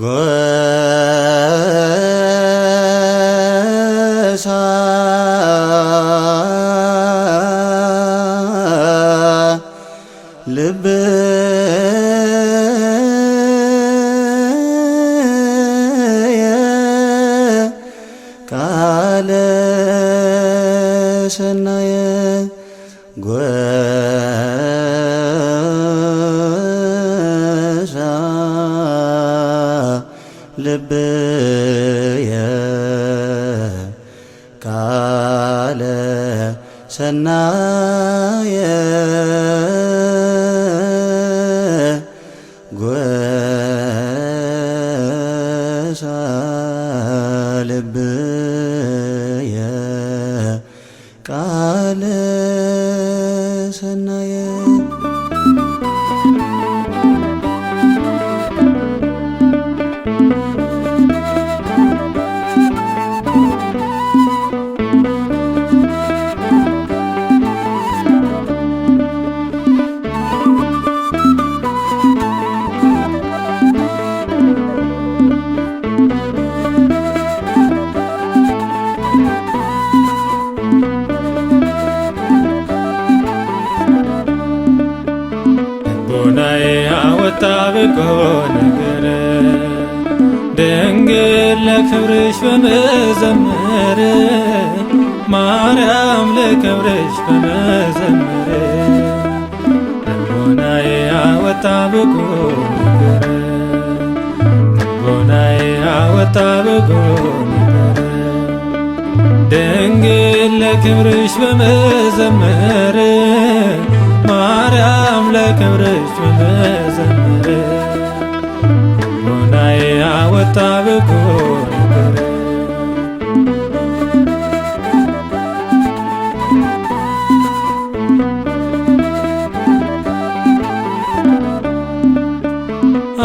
ጎሳ ልብ ቃለ ሰናየ ጎሳ ነብየ ቃለ ሰናየ አምልኮ ነገር ድንግል ለክብርሽ በመዘመር ማርያም ለክብርሽ በመዘመር ልቦናዬ አወጣ ብቁ ነገር ልቦናዬ አወጣ ብቁ ነገር ድንግል ለክብርሽ በመዘመር ክብርሽ መዘመር ሆናዬ አወጣ ብጎ ነበር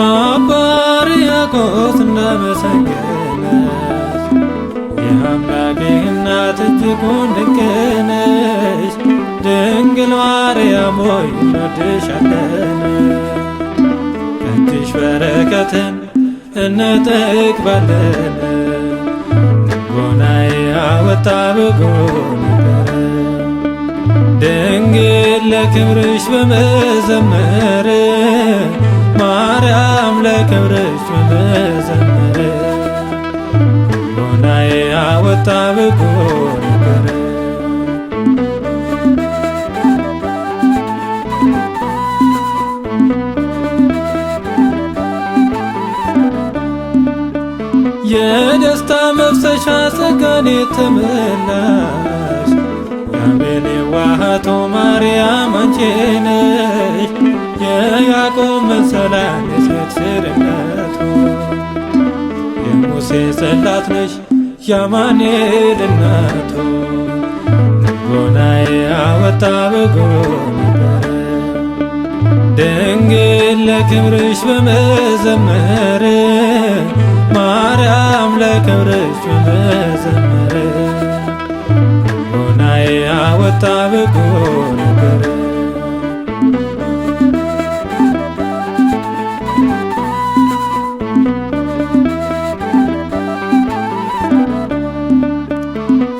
አባ ሕርያቆስ እንዳመሰገነ የአምላኬ እናት እጅጉን ድንቅ ድንግል ማርያም ሆይ እንወድሻለን፣ ከንትሽ በረከትን እንጠግባለን። ጎናዬ አወጣ በጎ ነበረ ድንግል ለክብርሽ በመዘመር ማርያም ለክብርሽ በመዘመር ጎናዬ አወጣ በጎ ነበረ አንሰሻ ጸጋን የተመላሽ የአቤል የዋሃቶ ማርያም አንቺ ነሽ የያዕቆብ መሰላል የሴት ስርነቱ የሙሴ ጽላት ነሽ ያማኑኤል እናቱ ልቦናዬ አወጣ በጎን ድንግል ለክብርሽ በመዘመር ማርያም ለክብርሽ መዘመረ ሆናዬ አወጣ ብቁ ነበረ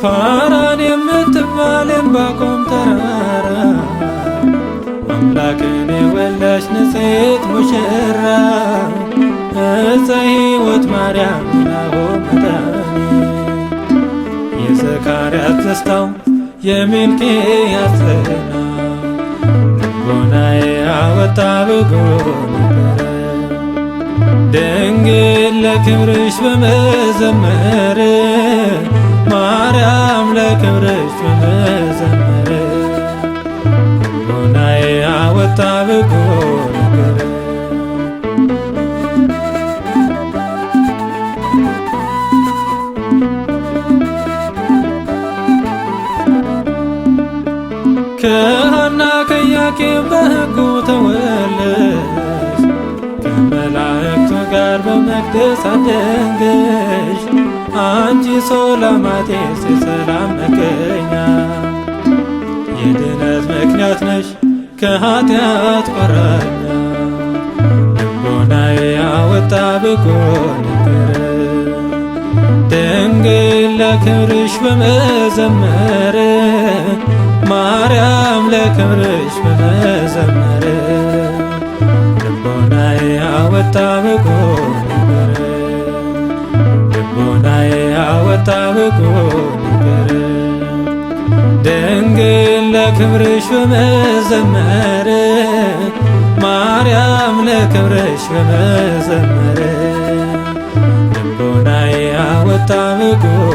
ፋራን የምትባል ዕንባቆም ተራራ አምላክን የወለድሽ ንጽሕት ሙሽራ ዕፀ ሕይወት ማርያም ናሆ መዳኔ የዘካርያስ ደስታው የሚልክያስ ጸና ልቦናዬ አወጣ ብጎ ነበረ ድንግል ለክብርሽ በመዘመር ማርያም ለክብርሽ በመዘመር ልቦናዬ አወጣ ብጎ ከሐና ከኢያቄም በሕጉ ተወለድሽ፣ ከመላእክቱ ጋር በመቅደስ አደንገሽ። አንቺ ሶላማጤስ የሰላም መገኛ፣ የድነት ምክንያት ነሽ ከኃጢአት ቆራኛ። ልቦናዬ ያወጣ ብጎ ነበር ድንግል ለክብርሽ በመዘመር ማርያም ለክብርሽ በመዘመር ልቦናዬ አወጣ ብቁ ነገር ልቦናዬ አወጣ ብቁ ነገር ድንግል ለክብርሽ በመዘመር ማርያም ለክብርሽ በመዘመር ልቦናዬ አወጣ ብቁ